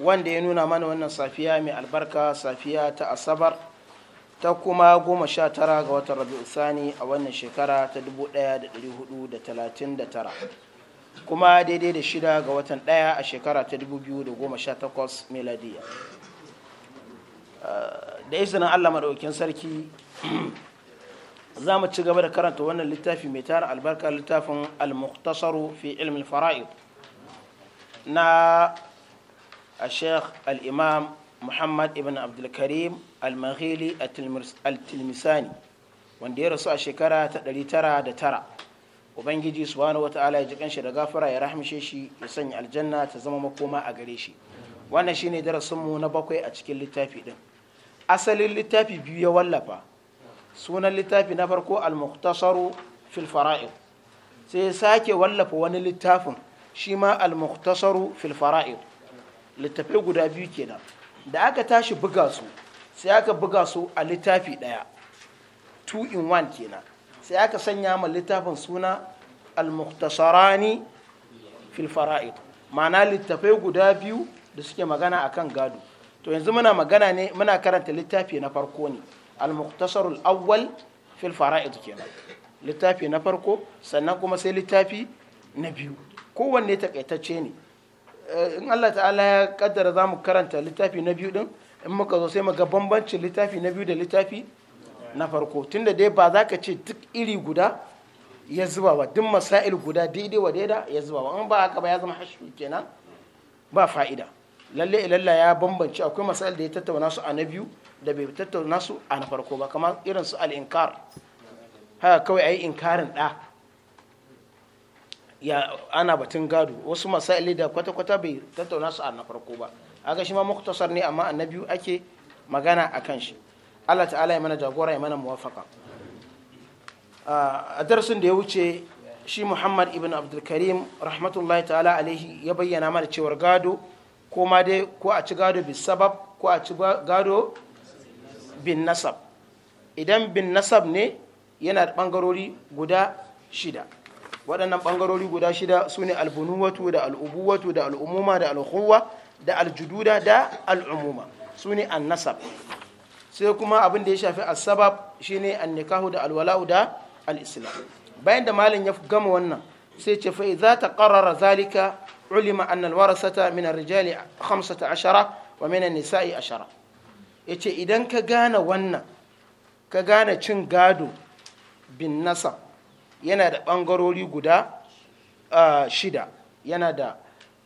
wanda ya nuna mana wannan safiya mai albarka safiya ta asabar ta kuma goma sha tara ga watan rabi'u sani a wannan shekara ta 1439 kuma daidai da shida ga watan daya a shekara ta 2018 meladiya ah, da izinin allah maɗaukin sarki za mu ci gaba da karanta wannan littafi mai tara albarka littafin al muktasaru fi ilmin fara'id na الشيخ الإمام محمد ابن عبد الكريم المغيلي التلمساني wanda ya rasu a shekara ta ɗari tara da tara ubangiji subhanahu wata'ala ya ji kanshi da gafara ya rahmishe shi ya sanya aljanna ta zama makoma a gare shi wannan shine mu na bakwai a cikin littafi din asalin littafi biyu ya wallafa sunan littafi na farko al-mukhtasaru sai ya sake wallafa wani littafin shi ma al-mukhtasaru littafai guda biyu kenan da aka tashi buga su sai aka buga su a littafi ɗaya 2 in one kenan sai aka sanya ma littafin suna al-muhtasarani fil fara'id ma'ana littafai guda biyu da suke magana akan gado to yanzu muna magana ne muna karanta littafi na farko ne al-muhtasarul awwal fil fara'id kenan littafi na farko sannan kuma sai littafi na biyu kowanne takaitacce ne Eh, in Allah ta'ala ya kaddara za mu karanta littafi na biyu din in muka zo sai ga bambancin littafi na biyu da littafi na farko tunda dai ba za ka ce duk iri guda ya zuba ba duk masail guda daidai wa daida ya zuba ba in ba haka ba ya zama hashu kenan ba fa'ida lalle ilalla ya bambanci akwai masail da ya tattauna su a na biyu da bai tattauna su a na farko ba kamar irin su al-inkar haka kawai ayi inkarin da ya ana batun gado wasu masali da kwata-kwata bai tattauna su a na farko ba a aga shi ma muktasar ne amma na biyu ake magana a kan shi Allah ta'ala ya mana jagora ya mana muwafaka a darasin da ya wuce shi Muhammad ibn Abdulkarim rahmatullahi ta'ala alaihi ya bayyana mana cewar gado ko ma dai ko a ci gado bin sabab ko a ci gado bin nasab idan bin nasab ne yana da bangarori guda shida waɗannan ɓangarori guda shida su ne albunuwatu da al'ubuwatu da al'umuma da al'uhuwa da aljududa da al'umuma su ne annasab sai kuma abin da ya shafi asabab shi ne annikahu da alwala'u da al'islam bayan da malin ya gama wannan sai ce fa za ta ƙarara zalika ulima an sata min rijali hamsata ashara wa min nisa'i ashara ya ce idan ka gane wannan ka gane cin gado bin nasab yana da ɓangarori guda shida yana da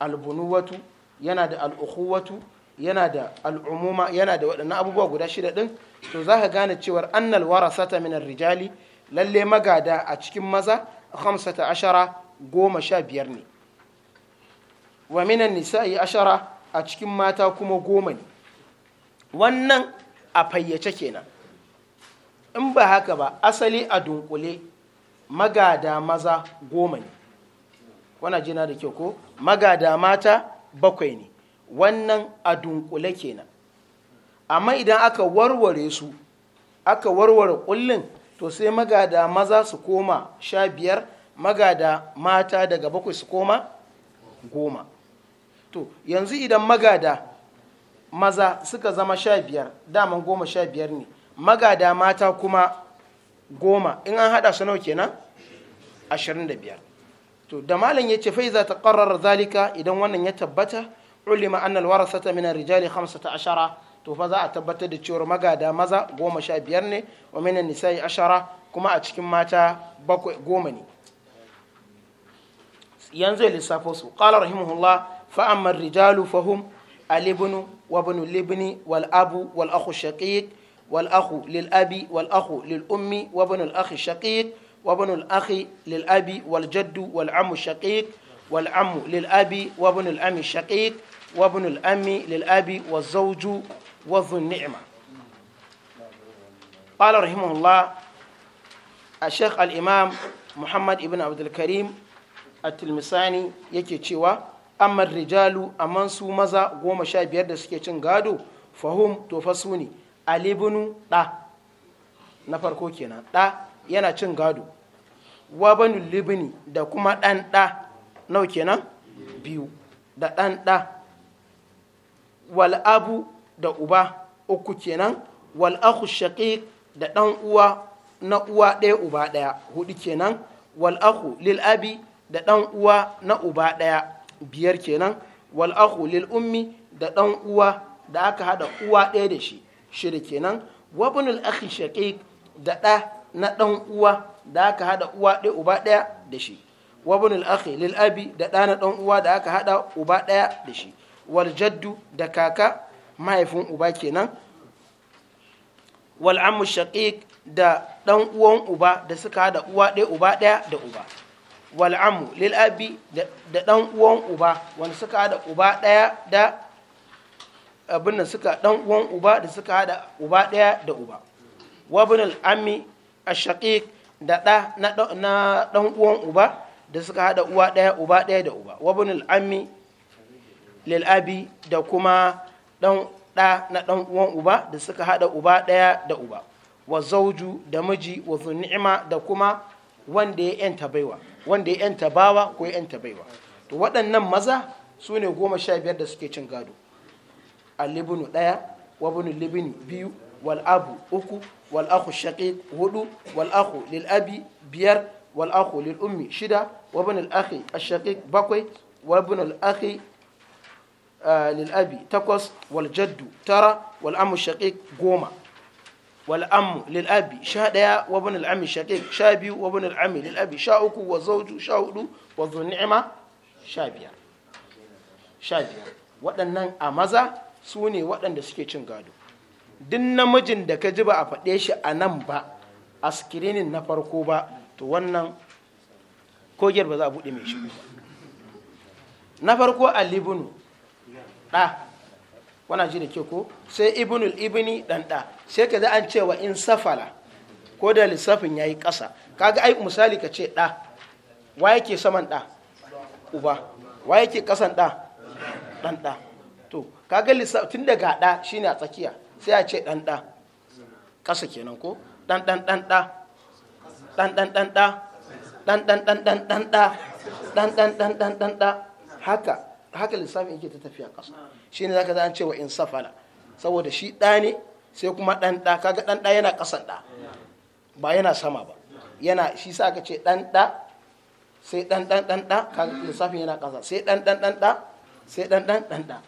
albunuwatu yana da al'ukuwatu yana da al'umuma yana da waɗannan abubuwa guda shida ɗin to za ka gane cewar annal warasata minar rijali lalle magada a cikin maza hamsata ashara goma sha biyar ne wa minan nisa'i ashara a cikin mata kuma goma ne wannan a fayyace kenan in ba haka ba asali a dunkule magada maza goma ne wana jina da kyau ko magada mata bakwai ne wannan a dunkule kenan amma idan aka warware su aka warware kullun to sai magada maza su koma sha biyar magada mata daga bakwai su koma goma to yanzu idan magada maza suka zama sha biyar daman goma sha biyar ne magada mata kuma goma in an hada su nawa kenan ashirin da biyar to da malam ya ce fai za ta ƙarar zalika idan wannan ya tabbata ulima annal warasata mina rijali hamsa ta ashara to fa za a tabbatar da cewar magada maza goma sha biyar ne wa minan nisa'i ashara kuma a cikin mata bakwai goma ne yanzu ya lissafo su qala rahimahullah fa rijalu fahum alibnu wa ibn libni wal abu wal akhu shaqiq والأخ للأب والأخ للأم وابن الأخ الشقيق وابن الأخ للأب والجد والعم الشقيق والعم للأب وابن الأم الشقيق وابن الأم للأب والزوج وذو النعمة قال رحمه الله الشيخ الإمام محمد ابن عبد الكريم التلمساني yake cewa amma rijalu amman su maza goma sha biyar da suke cin gado fahum to fa su ne alibinu ɗa na farko kenan ɗa yana cin gado wa banu libini da kuma ɗan ɗa nau kenan biyu da ɗan ɗa wal'abu da uba uku kenan wal'ahu shaƙiƙ da ɗan uwa na uwa ɗaya uba ɗaya hudu kenan wal'ahu lil'abi da ɗan uwa na uba ɗaya biyar kenan wal'ahu lil'ummi da ɗan uwa da aka haɗa uwa ɗaya da shi shida kenan wa ibnul akhi shaqiq da ɗa na ɗan uwa da aka haɗa uwa ɗaya uba ɗaya da shi wa akhi lil abi da ɗa na ɗan uwa da aka haɗa uba ɗaya da shi wal jaddu da kaka mahaifin uba kenan wal ammu shaqiq da ɗan uwan uba da suka haɗa uwa ɗaya uba ɗaya da uba wal ammu lil abi da ɗan uwan uba wanda suka haɗa uba ɗaya da abin da suka dan uwan uba da suka hada uba daya da uba wa ibn al-ammi ash-shaqiq da da na dan uwan uba da suka hada uwa daya uba daya da uba wa ibn al-ammi lil abi da kuma dan da na dan uwan uba da suka hada uba daya da uba wa zawju da miji wa ni'ima da kuma wanda ya yanta baiwa wanda ya yanta bawa ko ya yanta baiwa to waɗannan maza su ne goma sha biyar da suke cin gado alibnu ɗaya wa ibnu biyu wal abu uku wal akhu shaqiq hudu biyar wal akhu shida wa ibnu al bakwai wa ibnu al akhi eh, takwas wal jaddu tara wal ammu shaqiq goma والأم للأب شهد وابن العم شقيق شابي وابن العم للأب شاؤك sha شاؤد وذو النعمة sha biyar. waɗannan a maza su ne waɗanda suke cin gado duk namijin da ka ji ba a faɗe shi a nan ba a skirinin na farko ba to wannan kogiyar ba za a buɗe mai shi na farko a libinu ɗa wana ji da ke ko sai ibinul ibini ɗan ɗa sai ka za an cewa in safala ko da lissafin ya yi ƙasa kaga ai misali ka ce ɗa wa yake saman ɗa uba wa yake ƙasan ɗa ɗan ɗa kaga lissafi tun daga ɗa shine a tsakiya sai a ce ɗan ɗa ƙasa kenan ko ɗan ɗan ɗan ɗa ɗan ɗan ɗan ɗa ɗan ɗan ɗan ɗan ɗan ɗa ɗan ɗan ɗan ɗan ɗan ɗa haka haka lissafi yake ta tafiya ƙasa shine zaka zan cewa in safala saboda shi ɗa ne sai kuma ɗan ɗa kaga ɗan ɗa yana ƙasan ɗa ba yana sama ba yana shi sa aka ce ɗan ɗa sai ɗan ɗan ɗan ɗa kaga lissafin yana ƙasa sai ɗan ɗan ɗan ɗa sai ɗan ɗan ɗan ɗa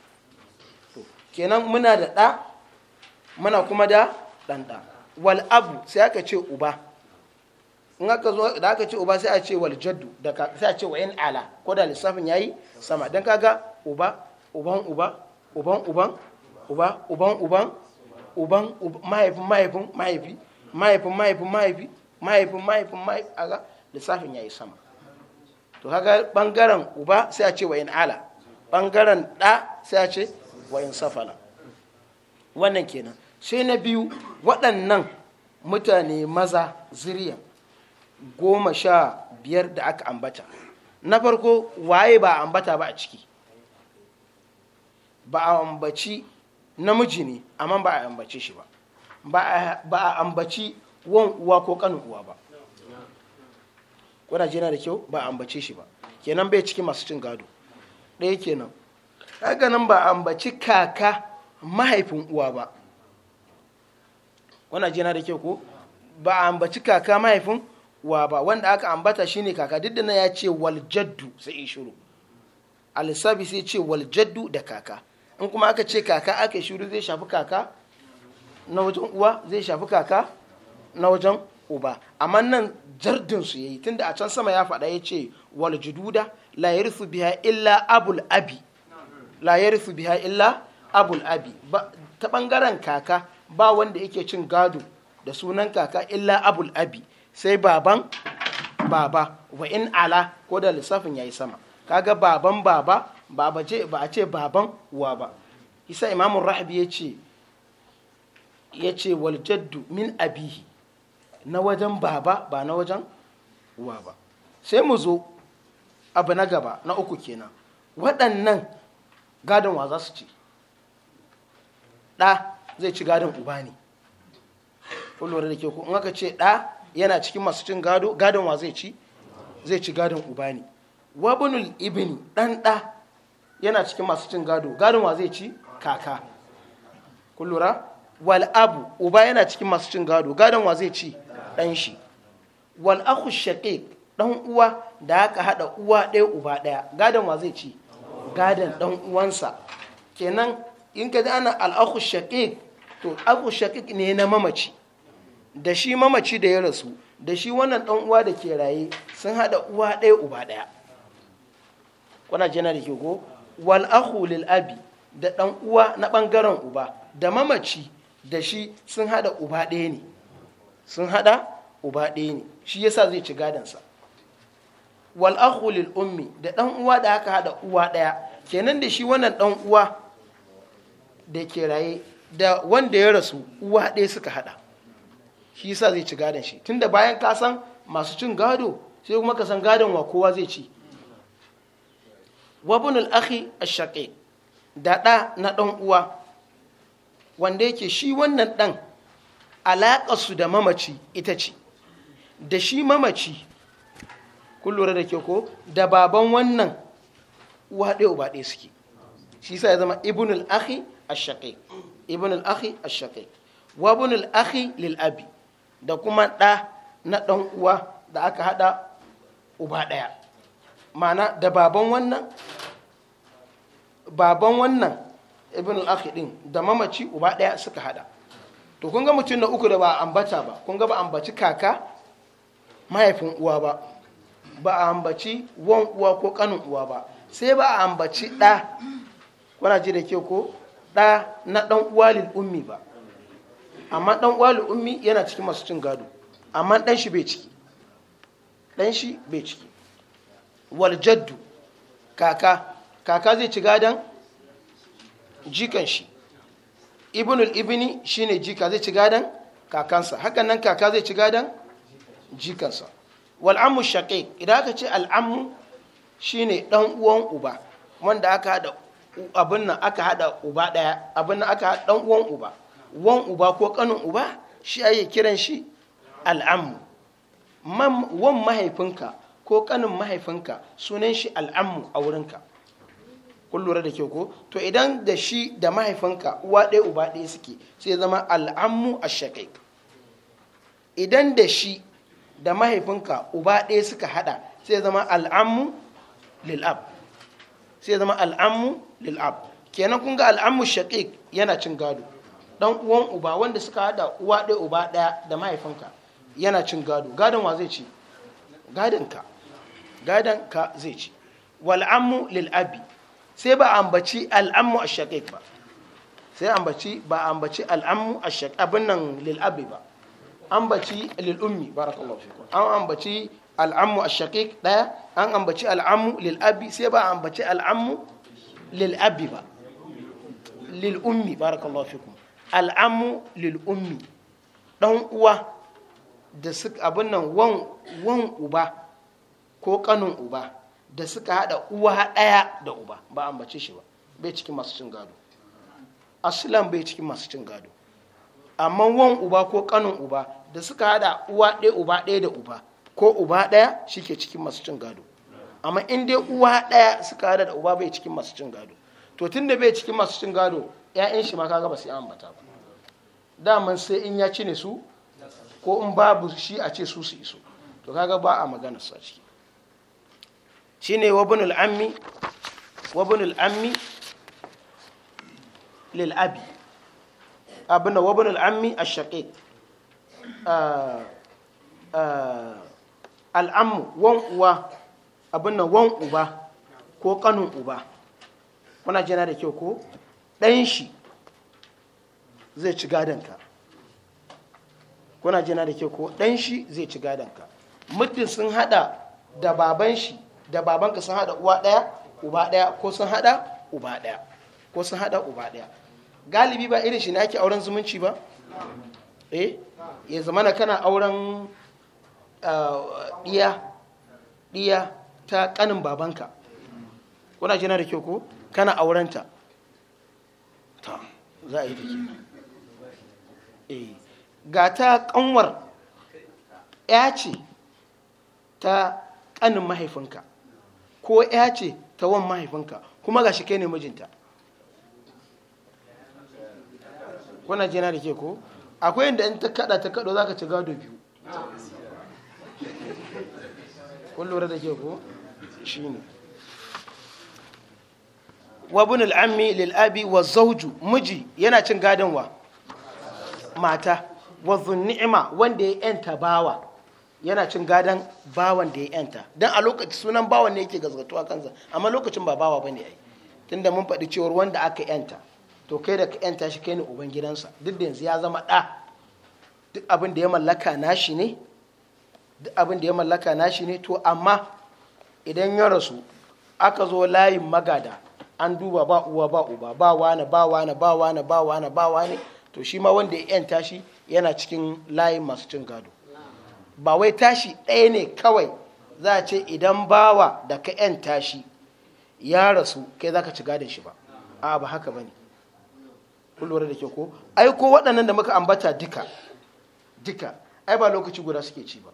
kenan muna da ɗa muna kuma da ɗanɗa wal abu sai aka ce uba in aka zo da aka ce uba sai a ce wal jaddu daga sai a ce wa yin ala ko da lissafin yayi sama dan kaga uba uban uba uban uban uba uban uban uban mahaifin mahaifin mahaifi mahaifin mahaifin mahaifi mahaifin mahaifin mahaifi aga lissafin yayi sama to kaga bangaren uba sai a ce wa yin ala bangaren da sai a ce wa in safala wannan kenan sai na biyu waɗannan mutane maza zuriya goma sha biyar da aka ambata na farko waye ba ambata ba a ciki ba a ambaci namiji ne amma ba a ambace shi ba ba a ambaci wan uwa ko kanin uwa ba kuna jina da kyau ba a ambace shi ba kenan bai ciki masu cin gado ɗaya kenan kaga nan ba ambaci kaka mahaifin uwa ba wannan jina da kyau ko ba ambaci kaka mahaifin uwa ba wanda aka ambata shine kaka duk da na ya ce wal jaddu sai in al alisabi sai ce wal jaddu da kaka in kuma aka ce kaka aka shuru zai shafi kaka na wajen uwa zai shafi kaka na wajen uba amma nan jardin su yayi tunda a can sama ya faɗa ya ce wal jududa la yarsu biha illa abul abi la yarithu biha illa abul abi ta bangaren kaka ba wanda yake cin gado da sunan kaka illa abul abi sai baban baba wa in ala ko da lissafin yayi sama kaga baban baba ce ba a ce baban wa ba isa imamun rahabi ya ce ya ce wal min abihi na wajen baba ba na wajen wa ba sai mu zo abu na gaba na uku kenan waɗannan gadon wa za su ci ɗa zai ci gadon uba ne kullum da ke ku in aka ce ɗa yana cikin masu cin gado gadon wa zai ci zai ci gadon uba ne wabunul ibini ɗan ɗa yana cikin masu cin gado gadon wa zai ci kaka kullura wal abu uba yana cikin masu cin gado gadon wa zai ci ɗan shi wal akhu shaqiq dan uwa da aka hada uwa ɗaya uba ɗaya gadon wa zai ci gadon dan uwansa kenan in ka ji ana al'akhu shaqiq to akhu shaqiq ne na mamaci da shi mamaci da ya rasu da shi wannan dan uwa da ke raye sun hada uwa ɗaya uba ɗaya kuna jina da ke go wal akhu lil abi da dan uwa na bangaren uba da mamaci da shi sun hada uba ɗaya ne sun hada uba ɗaya ne shi yasa zai ci gadansa wal akhu lil ummi da dan uwa da aka hada uwa ɗaya kenan da shi wannan dan uwa da ke raye da wanda ya rasu uwa ɗaya suka hada shi yasa zai ci gadon shi tunda bayan ka san masu cin gado sai kuma ka san gadon wa kowa zai ci wabin akhi ashaƙe da ɗa na ɗan uwa wanda yake shi wannan ɗan alaƙarsu da mamaci ita ce da shi mamaci kun da ke ko da baban wannan uwa ɗaya uba ɗaya suke shi sa ya zama ibn al-akhi ash-shaqiq ibn al-akhi ash-shaqiq wa ibn al-akhi lil abi da kuma ɗa na ɗan uwa da aka hada uba ɗaya ma'ana da baban wannan baban wannan ibn al-akhi din da mamaci uba ɗaya suka hada to kun ga mutum na uku da ba ambata ba kun ga ba ambaci kaka mahaifin uwa ba ba a ambaci wan uwa ko kanin uwa ba sai ba a ambaci ɗa kuna ji da ke ko ɗa na ɗan uwalin ummi ba amma ɗan uwalin ummi yana cikin masu cin gado amma ɗan shi bai ciki ɗan shi bai ciki wal jaddu kaka kaka zai ci gadon jikan shi ibnul shi shine jika zai ci gadon kakansa hakan nan kaka zai ci gadon jikansa wal ammu shaqiq idan aka ce al ammu shine dan uwan uba wanda aka hada abin nan aka hada uba daya abin nan aka dan uwan uba wan uba ko kanin uba shi ake kiran shi al'ammu wan mahaifinka ko kanin mahaifinka sunan shi al'ammu a wurinka kun lura da kyau ko to idan da shi da mahaifinka uwa ɗaya uba ɗaya suke sai zama al'ammu a shakai idan da shi da mahaifinka uba ɗaya suka hada sai zama al'ammu lil'ab sai zama al'ammu lil'ab kenan kun ga al'ammu yana cin gado dan uwan uba wanda suka hada uwa ɗaya uba ɗaya da mahaifinka yana cin gado gadon wa zai ci gadon ka gadon ka zai ci wal'ammu lil'abi sai ba ambaci al'ammu a shaƙiƙ ba sai ambaci ba ambaci al'ammu a shaƙiƙ abin nan lil'abi ba ambaci lil'ummi barakallahu fikum an ambaci al'ammu a shaqiq daya an ambaci al'ammu lil'abi sai ba ambaci al'ammu lil ba lil ummi barakallahu fikum al'ammu lil'ummi ɗan uwa da suka abin nan wan uba ko kanin uba da suka haɗa uwa daya da uba ba ambace shi ba bai cikin masu cin gado asilan bai cikin masu cin gado amma wan uba ko kanin uba da suka haɗa uwa ɗaya uba ɗaya da uba ko uba ɗaya shi ke cikin masu cin gado amma in dai uwa ɗaya suka hada da uba bai cikin masu cin gado to tun da bai cikin masu cin gado 'ya'yan shi ma kaga ba su yi ambata ba daman sai in ya cine su ko in babu shi a ce su su iso to kaga ba a magana su a ciki shine wabnul ammi ammi lil abi abuna wabnul ammi ash-shaqiq ah, ah, al'ammu wan uwa abin nan wan uba ko kanun uba muna jana da kyau ko ɗan shi zai ci gadonka kuna jina da kyau ko ɗan shi zai ci gadonka muddin sun hada da baban shi da babanka sun hada uwa ɗaya uba ɗaya ko sun hada uba ɗaya ko sun hada uba ɗaya galibi ba irin shi ne ake auren zumunci ba eh ya zamana kana auren Uh, ɗiya ta ƙanin babanka kuna jina da kyau ko kana aurenta ta za a yi take eh, ga ta ƙanwar ya ce ta ƙanin mahaifinka ko ya ce ta wan mahaifinka kuma ga shi kai ne mijinta kuna jina da ke ko akwai yadda in ta kada ta kado za ka ci gado biyu kun lura da ke ko ne wa ibn al wa Zauju miji yana cin gadon wa mata wa ni'ima wanda ya yanta bawa yana cin gadon bawan da ya yanta Don a lokacin sunan bawan ne yake gazgatuwa kansa amma lokacin ba bawa ba ne ai tunda mun faɗi cewar wanda aka yanta to kai da ka yanta shi kai ne ubangidansa. duk da yanzu ya zama ɗa duk abin da ya mallaka nashi ne duk abin da ya mallaka nashi ne to amma idan ya rasu aka zo layin magada an duba ba uwa ba uba ba wane ba wane ba wane ba wane ba wane to shi ma wanda ya yan tashi yana cikin layin masu cin gado ba wai tashi ɗaya ne kawai za a ce idan bawa da ka yanta shi ya rasu kai za ka ci gadon shi ba a ba haka ba ne kullum da ke ko ai ko waɗannan da muka ambata duka duka ai ba lokaci guda suke ci ba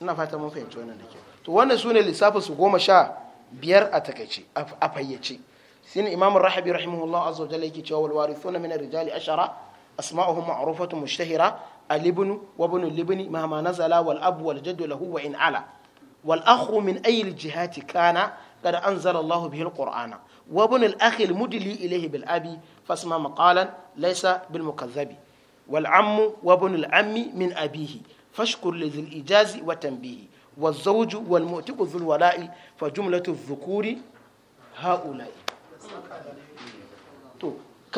ina fata mun fahimci wannan da kyau to wannan sune ne lissafin su goma sha biyar a takaice a fayyace sinin imam rahabi rahimahullah azza wa jalla yake cewa wal warithuna min ar-rijali ashara asma'uhum ma'rufatun mushtahira al-ibnu wa ibnu al-ibni mahma nazala wal abu wal jaddu lahu wa in ala wal akhu min ay al-jihati kana قد أنزل الله به القرآن وابن الأخ المدلي إليه بالأبي فاسمع Wal ليس بالمكذب والعم وابن ammi min abihi فاشكر li dhil ijazi wa tanbihi wa zawju wal wala'i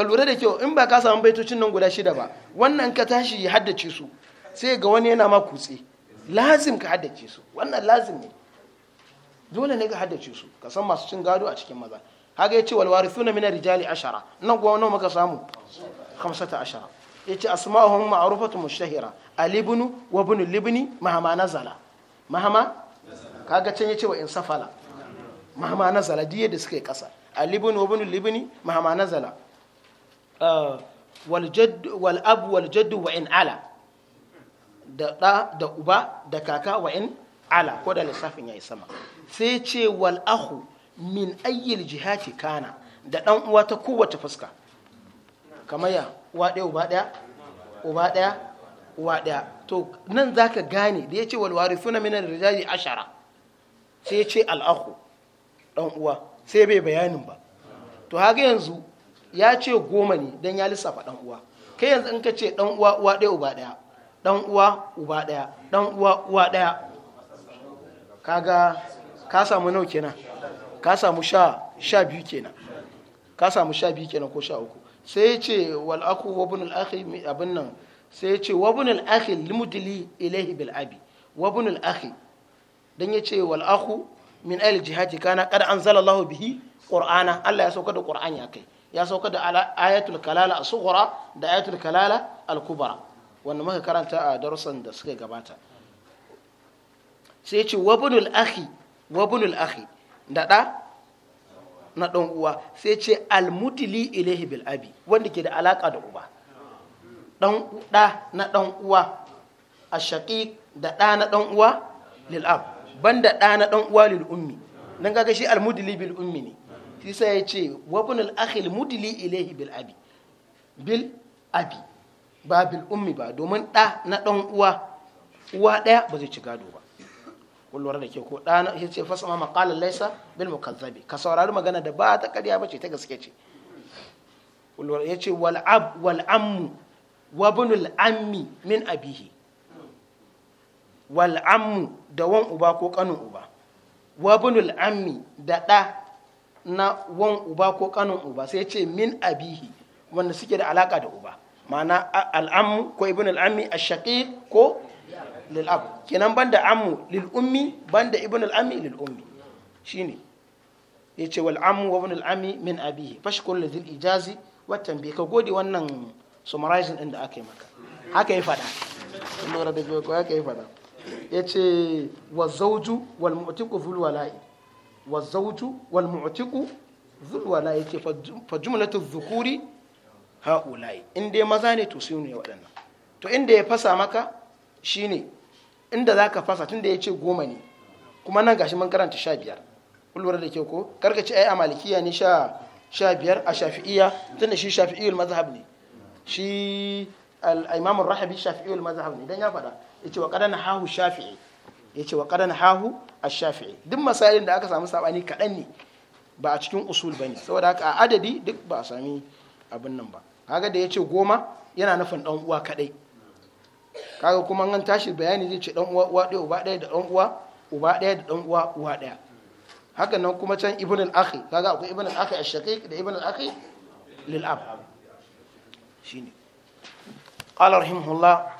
lura da kyau in ba ka samu baitocin nan guda shida ba wannan ka tashi ya haddace su sai ga wani yana ma kutse lazim ka haddace su wannan lazim ne dole ne ka haddace su ka san masu cin gado a cikin maza haka ya ce walwari suna mina rijali ashara nan kuwa nawa samu hamsata ashara yace asma'uhum ma'rufatun mushtahira ali ibn wa ibn libni mahama nazala mahama kaga can yace wa in safala mahama nazala diye da suka yi kasa ali ibn wa ibn libni mahama nazala wal jadd wal ab wal jadd wa in ala da da da uba da kaka wa in ala ko da lissafin yayi sama sai ce wal akhu min ayyil jihati kana da dan uwa ta kowace fuska kamar ya uwa ɗaya uba ɗaya uba ɗaya uwa ɗaya to nan za ka gane da ya ce walwari suna minar rijali ashara sai ya ce al'ahu ɗan uwa sai bai bayanin ba to haka yanzu ya ce goma ne don ya lissafa ɗan uwa kai yanzu in ka ce ɗan uwa uwa ɗaya uba ɗaya ɗan uwa uba ɗaya ɗan uwa uwa ɗaya kaga ka samu nau kenan ka samu sha biyu kenan ka samu sha biyu kenan ko sha uku sai ce wal aku wa bunul akhi abin nan sai ce wa bunul akhi limudili ilaihi bil abi wa bunul akhi dan yace wal aku min al jihati kana qad anzalallahu bihi qur'ana Allah ya sauka da qur'ani akai ya saukar da ayatul kalala as da ayatul kalala al-kubra wannan muka karanta a darusan da suka gabata sai ce wa bunul akhi wa bunul akhi da da na ɗan uwa sai ce almutili ilaihi bil abi wanda ke da alaka da uba ɗan ɗa na ɗan uwa ashaqiq da ɗa na ɗan uwa lil ab banda ɗa na ɗan uwa lil ummi dan kaga shi almudili bil ummi ne shi sai ya ce wa ibn al ilaihi bil abi bil abi ba bil ummi ba domin ɗa na ɗan uwa uwa ɗaya ba zai ci gado ba kun lura da ke ko ɗana ya ce fasa ma ƙalar laisa bil mukazzabi ka saurari magana da ba ta ƙarya ba ce ta gaske ce ya ce wal'ab wal'ammu wabnul ammi min abihi wal'ammu da wan uba ko ƙanin uba wabnul ammi da ɗa na wan uba ko ƙanin uba sai ce min abihi wanda suke da alaƙa da uba ma'ana al'ammu ko ibn al'ammi a shaƙi ko للاب كنان kenan banda ammu lil ummi banda ibn al ammi lil ummi shine yace wal ammu wa ibn al ammi min abihi fashkur wannan summarizing din da akai maka haka ya fada lura da ko haka ya fada yace wa zawju wal mu'tiqu fil wala'i wa zawju wal mu'tiqu zul wala'i yace fa jumlatu dhukuri ha'ula'i in maza ne to su ne waɗannan to inda ya fasa maka shine inda za ka fasa tun da ya ce goma ne kuma nan gashi man karanta sha biyar kulwar da ke ko karka ce ai a malikiya ne sha biyar a shafi'iya tun da shi shafi'iyul mazhab ne shi al rahabi shafi'iyul mazhab ne dan ya faɗa yace wa qadana hahu shafi'i yace wa qadana hahu ash-shafi'i duk masalin da aka samu saɓani kadan ne ba a cikin usul bane saboda haka a adadi duk ba a sami abin nan ba kaga da yace goma yana nufin ɗan uwa kadai kaga kuma an tashi bayani zai ce dan uwa uwa ɗaya uba ɗaya da dan uwa uba ɗaya da dan uwa uwa ɗaya haka nan kuma can ibn al-akhi kaga akwai ibn al-akhi ash-shaqiq da ibn al-akhi lil ab shine qala rahimahullah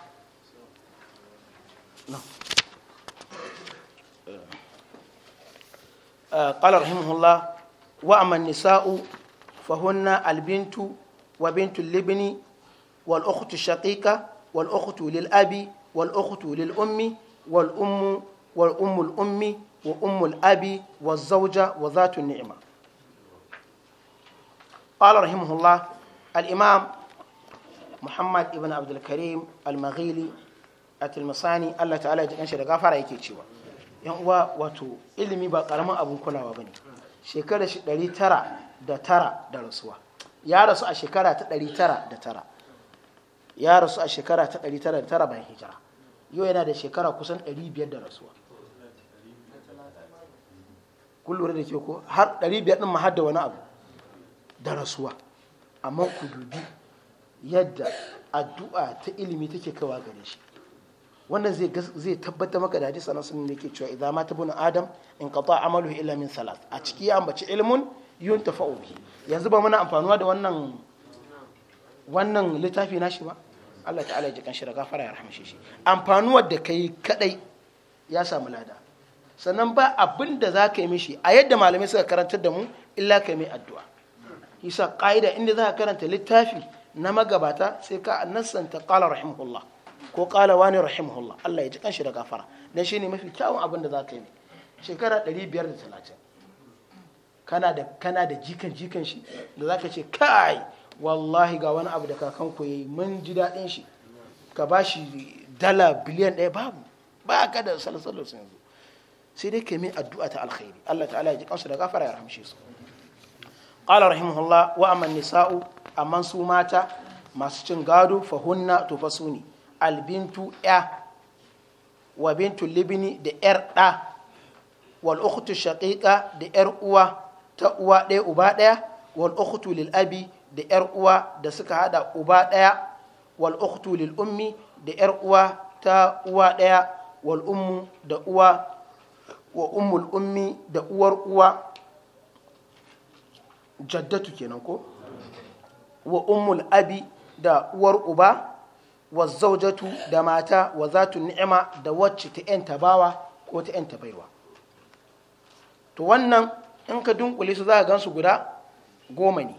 قال رحمه الله وأما النساء فهن البنت وبنت الابن والأخت الشقيقة wal ukhtu lil abi wal ukhtu lil ummi wal ummu ummi wa umul abi wa zawja wa zatu ni'ma qala rahimahullah al imam muhammad ibn abdul karim al maghili atil masani Allah ta'ala ya kanshi da gafara yake cewa yan uwa wato ilimi ba karamin abun kulawa ba ne. shekara shi tara da tara da rasuwa ya rasu a shekara ta ɗari tara da tara. ya rasu a shekara ta 909 bayan hijira yau yana da shekara kusan 500 da rasuwa kullum da ke ko har 500 din ma da wani abu da rasuwa amma ku dubi yadda addu'a ta ilimi take kawa gare shi wannan zai tabbata maka da hadisi na ne da yake cewa idan mata bin adam in qata amalu illa min salat a ciki ya ambaci ilmun yuntafa'u bihi yanzu ba muna amfanuwa da wannan wannan littafi nashi ba Allah ta'ala ya ji kanshi da gafara ya rahmashe shi amfanuwar da kai kadai ya samu lada sannan ba abin da za ka yi mishi a yadda malamai suka karantar da mu illa ka mai addu'a isa ƙa'ida inda za ka karanta littafi na magabata sai ka nassanta ƙala rahimahullah ko ƙala wani rahimahullah Allah ya ji kanshi da gafara dan shi ne mafi kyawun abin da za ka yi mai shekara 530 kana da kana da jikan jikan shi da za ka ce kai wallahi ga wani abu da kakanku ya yi mun ji daɗin shi ka ba shi dala biliyan ɗaya babu ba ka da salasalar sun yanzu sai dai ka addu'a ta alkhairi Allah ta'ala ya ji kansu da gafara ya rahamshe su qala rahimahullah wa amman nisa'u amman su mata masu cin gado fa hunna to fa suni albintu ya wa bintu libni da yar da wal ukhtu shaqiqa da yar uwa ta uwa ɗaya uba ɗaya wal ukhtu lil abi da yar uwa da suka hada uba daya wal ukhtu lil ummi da yar uwa ta uwa daya wal ummu da uwa wa ummul ummi da uwar uwa jaddatu kenan ko wa ummul abi da uwar uba wa zaujatu da mata wa zatu ni'ima da wacce ta 'yan tabawa ko ta yanta baiwa to wannan in ka dunkule su za ka gansu guda goma ne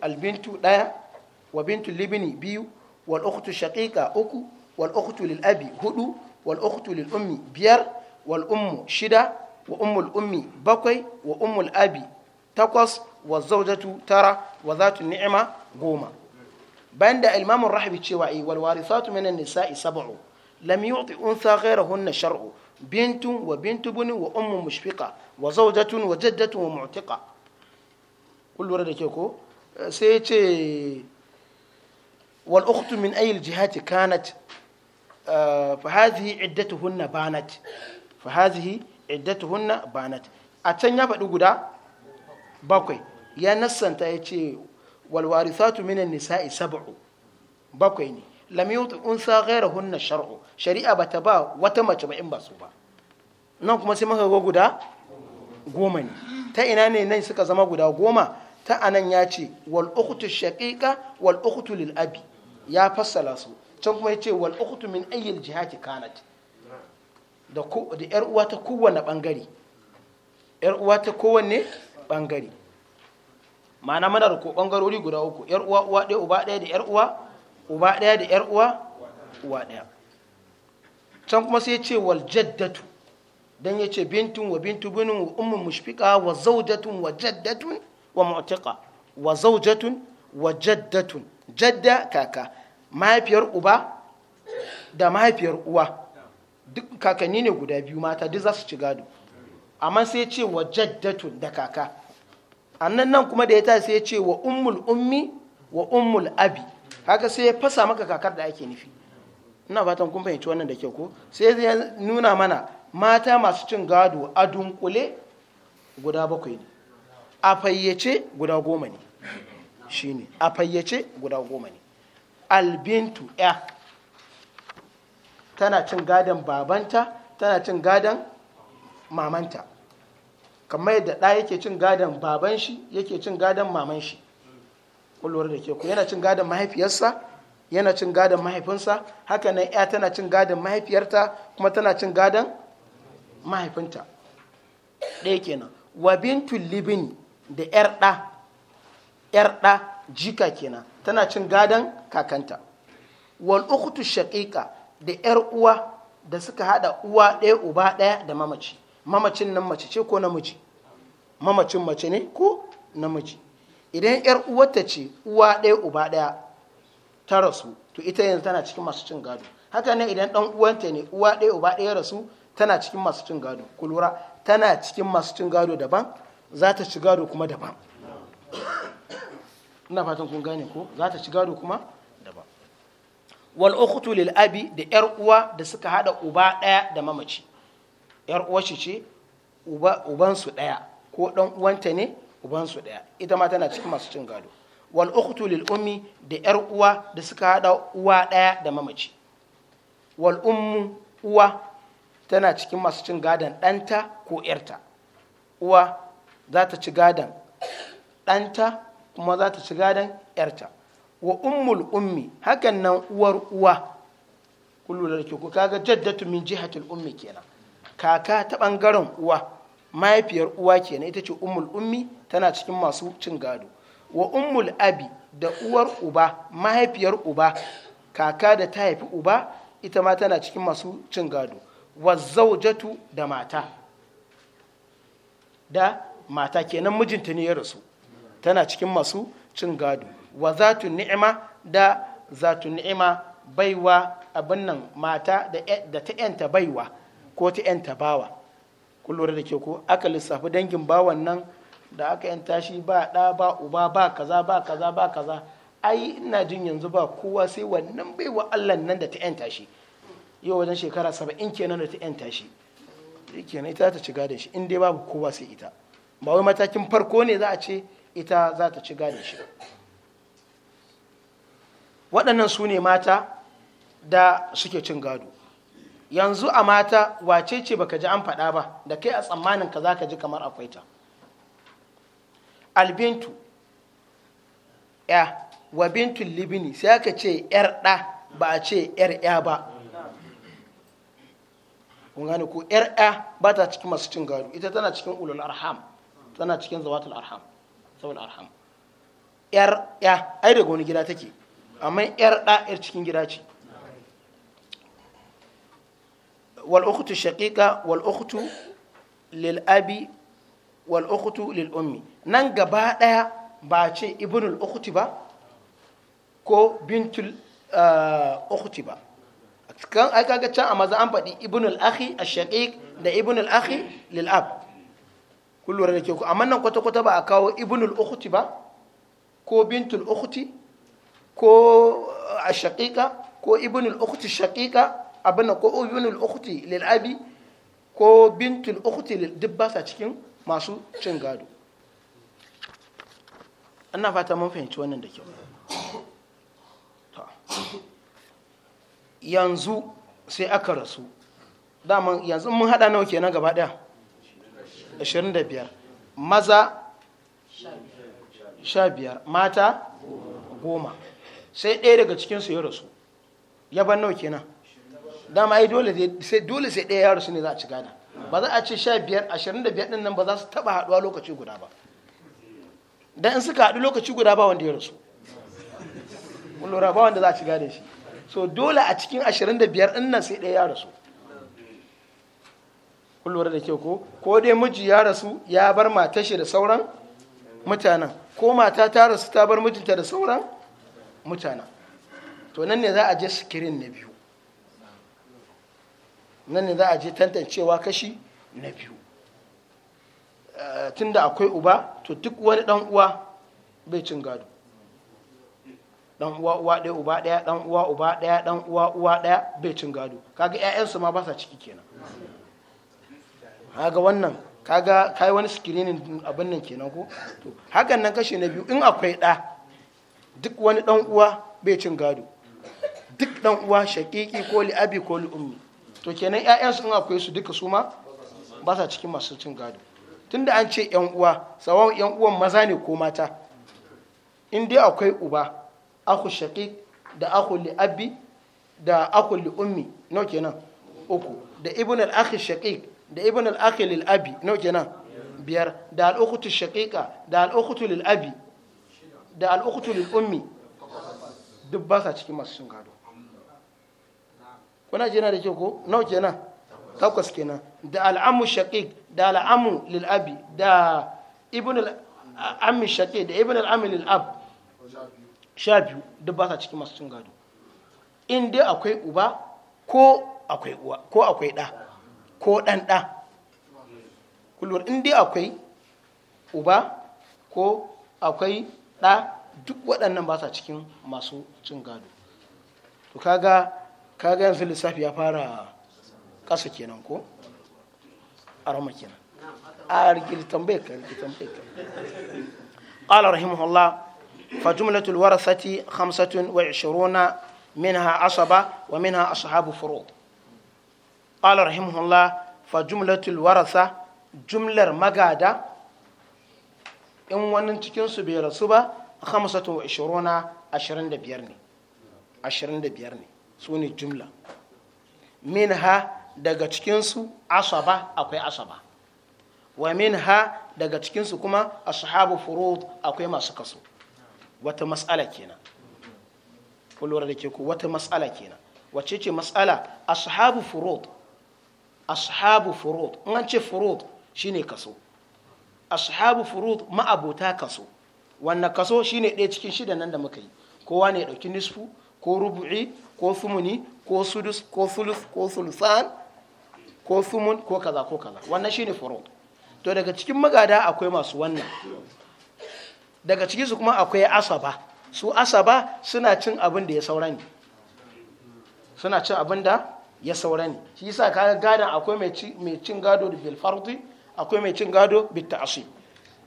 albintu ɗaya wa bintu libini biyu wal ukhtu shaqiqa uku wal ukhtu lil abi hudu wal ukhtu lil ummi biyar wal ummu shida wa ummul ummi bakwai wa ummul abi takwas wa zaujatu tara wa zatu ni'ima goma bayan da imamun rahabi cewa yi wal warithatu minan nisa'i sab'u lam yu'ti untha ghayrahunna shar'u bintun wa bintu bunin wa ummu mushfiqa wa zaujatun wa jaddatun wa mu'tiqa kullu da ke ko sai ce wal ukhtu min ayil jihati kanat uh, fa hadhihi iddatuhunna banat fa hadhihi iddatuhunna banat a can ya faɗi guda bakwai ya nassanta ya ce wal warithatu minan nisa'i sab'u bakwai ne lam yuti unsa ghairahunna shar'u shari'a bata ba wata mace ba in ba su ba nan kuma sai muka ga guda goma ne ta ina ne nan suka zama guda goma ta anan ya ce wal ukhtu shaqiqa wal ukhtu lil abi ya fassala su can kuma ya ce wal ukhtu min ayyil jihati kanat da da yar uwa ta kowanne bangare yar uwa ta kowanne bangare ma'ana mana da ko bangarori guda uku yar uwa uwa ɗaya uba ɗaya da yar uwa uba ɗaya da yar uwa uwa ɗaya can kuma sai ya ce wal jaddatu dan ya ce bintun wa bintu binin wa ummu mushfiqa wa zawjatun wa jaddatun wa mu'tiqa wa zawjatun wa jaddatun jadda kaka mahaifiyar uba da mahaifiyar uwa duk kakanni ne guda biyu mata duk za su ci gado amma sai ce wa jaddatun da kaka annan nan kuma da ya ta sai ce wa ummul ummi wa umul abi haka sai ya fasa maka kakar da ake nufi ina fatan kun fahimci wannan da kyau ko sai ya nuna mana mata masu cin gado a dunkule guda bakwai ne a fayyace guda goma ne shi ne a fayyace guda goma ne albintu ya tana cin gadon babanta tana cin gadon mamanta kamar yadda ɗa yake cin gadon baban shi yake cin gadon maman shi kullum da ke ku yana cin gadon mahaifiyarsa yana cin gadon mahaifinsa haka nan ya tana cin gadon mahaifiyarta kuma tana cin gadon mahaifinta ɗaya kenan wa bintu libini da yarda ɗa jika kenan tana cin gadon kakanta wal ukhtu shaqiqa da 'yar uwa da suka hada uwa ɗaya uba ɗaya da mamaci mamacin nan mace ce ko namiji mamacin mace ne ko namiji idan 'yar uwarta ce uwa ɗaya uba ɗaya ta rasu to ita yanzu tana cikin masu cin gado haka ne idan ɗan uwanta ne uwa ɗaya uba ɗaya rasu tana cikin masu cin gado ku tana cikin masu cin gado daban za ta ci gado kuma daban ina fatan kun gane ko za ta ci gado kuma daban wal ukhtu lil abi da yar uwa da suka hada uba daya da mamaci yar uwa shi ce uba uban su daya ko dan uwanta ne uban su daya ita ma tana cikin masu cin gado wal ukhtu lil ummi da yar uwa da suka hada uwa daya da mamaci wal ummu uwa tana cikin masu cin gadon danta ko ‘yarta uwa za ta ci gadon ɗanta kuma za ta ci gadon ‘yarta wa ummul ummi hakan nan uwar uwa kullu da ke kuka ga jaddatu min jihatul ummi kenan kaka ta ɓangaren uwa mahaifiyar uwa kenan ita ce ummul ummi tana cikin masu cin gado wa ummul abi da uwar uba mahaifiyar uba kaka da ta haifi uba ita ma tana cikin masu cin gado wa zaujatu da mata da mata kenan mijinta ne ya rasu tana cikin masu cin gado wa zatu ni'ima da zatu ni'ima baiwa abin nan mata da ta yanta baiwa ko ta yanta bawa kun da ke ko aka lissafi dangin bawan nan da aka yanta shi ba ɗa ba uba ba kaza ba kaza ba kaza ai ina jin yanzu ba kowa sai wannan baiwa allah nan da ta yanta shi yau wajen shekara saba'in kenan da ta yanta shi kenan ita ta ci gadon shi in dai babu kowa sai ita ba wai matakin farko ne za a ce ita za ta ci gane shi waɗannan su ne mata da suke cin gado yanzu a mata wace ce baka ji an faɗa ba da kai a tsammanin ka za ka ji kamar akwai ta albintu ya wa bintu libini sai aka ce yar ɗa ba a ce yar ya ba kun gane ko yar ya ba ta cikin masu cin gado ita tana cikin ulul arham tana cikin zawatul arham zawul arham yar ya ai daga wani gida take amma yar da yar cikin gida ce wal ukhtu shaqiqa wal ukhtu lil abi wal ukhtu lil ummi nan gaba daya ba ce ibnul ukhti ba ko bintul eh, ukhti ba kan ai can a maza an faɗi ibnul akhi ash-shaqiq da ibnul akhi lil ab kun lura da ke ku amma nan kwata-kwata ba a kawo ibnul ukhti ba ko bintul ukhti ko uh, a ko ibnul ukhti shaƙiƙa ko ibnul ukhti lil abi ko bintul ukhti lil duk ba cikin masu cin gado ana fata mun fahimci wannan da kyau yanzu sai aka rasu daman yanzu mun hada nawa kenan gaba daya 25 maza 15 mata 10 sai ɗaya daga cikinsu ya rasu ya ban nau kenan dama ai dole sai ɗaya ya rasu ne za a ci gada ba za a ce 15 25 ɗin nan ba za su taɓa haɗuwa lokaci guda ba don in suka haɗu lokaci guda ba wanda ya rasu kullum ba wanda za a ci gada shi so dole a cikin 25 ɗin nan sai ɗaya ya rasu kun lura da kyau ko ko dai miji ya rasu ya bar mata shi da sauran mutanen ko mata ta rasu ta bar mijinta da sauran mutanen to nan ne za a je sikirin na biyu nan ne za a je tantancewa kashi na biyu eh, tunda akwai uba to duk wani dan uwa bai cin gado dan uwa uwa ɗaya uba ɗaya dan uwa uba ɗaya dan uwa uwa ɗaya bai cin gado kaga ƴaƴansu ma ba sa ciki kenan haga wannan kaga kai wani screening abin nan kenan ko to hakan nan kashe na biyu in akwai ɗa duk wani ɗan uwa bai cin gado duk ɗan uwa shaƙiƙi ko abi ko li'ummi to kenan 'ya'yansu in akwai su duka su ma ba sa cikin masu cin gado tunda an ce 'yan uwa sawan 'yan uwan maza ne ko mata in dai akwai uba aku shakik da aku abi da aku li'ummi no kenan uku da ibn al-akhi shakik da ibn al-akhi lil abi nau kenan biyar da al-ukhtu shaqiqa da al-ukhtu lil abi da al-ukhtu lil ummi duk ba sa cikin masu sun gado kuna jina da ke ko nau kenan takwas kenan da al-ammu shaqiq da al-ammu lil abi da ibn al-ammi shaqiq da ibn al-ammi lil ab sha biyu duk ba sa cikin masu sun gado in dai akwai uba ko akwai uwa ko akwai ɗa ko ɗan ɗa kullum in akwai uba ko akwai ɗa duk waɗannan ba sa cikin masu cin gado to kaga kaga yanzu lissafi ya fara ƙasa kenan ko a rama kenan a rikili tambayar ka rikili tambayar ka قال wa الله منها عصبة ومنها أصحاب فروض qala rahimahullah fa jumlatul warasa jumlar magada in wani cikin su bai rasu ba da 25 ne 25 ne su ne jumla minha daga cikinsu asaba akwai asaba wa minha daga cikinsu kuma ashabu furud akwai masu kaso wata mas'ala kenan kullura da ke ku wata mas'ala kenan wacce ce mas'ala ashabu furud ashabu furud in an ce furud shine kaso ashabu furud ma'abota kaso wannan kaso shine ɗaya cikin shida nan da muka yi kowa ne ɗauki nisfu ko rubu'i ko sumuni ko sudus ko sulus ko sulusan ko sumun ko kaza ko kaza wannan shine furud to daga cikin magada akwai masu wannan daga ciki su kuma akwai asaba su asaba suna cin abin da ya saurani suna cin abin da ya saura ne shi yasa kaga gadon akwai mai cin gado da bil fardi akwai mai cin gado bil ta'asib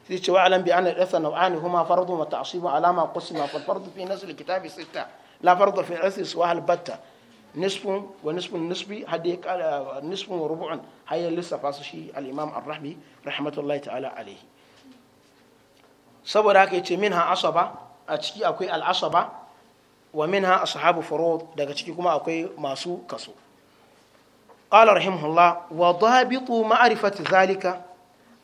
sai ce wa alam bi anna dasa naw'ani huma fardu wa ta'asib alama qasima fal fardu fi nasl kitabi sitta la fardu fi asl suwa al batta nisfun wa nisfun nisbi hadi qala nisfun wa rubu'un hayya lissafa su shi al imam ar-rahmi rahmatullahi ta'ala alayhi saboda haka yace minha asaba a ciki akwai al asaba wa minha ashabu furud daga ciki kuma akwai masu kaso قال رحمه الله وضابط معرفة ذلك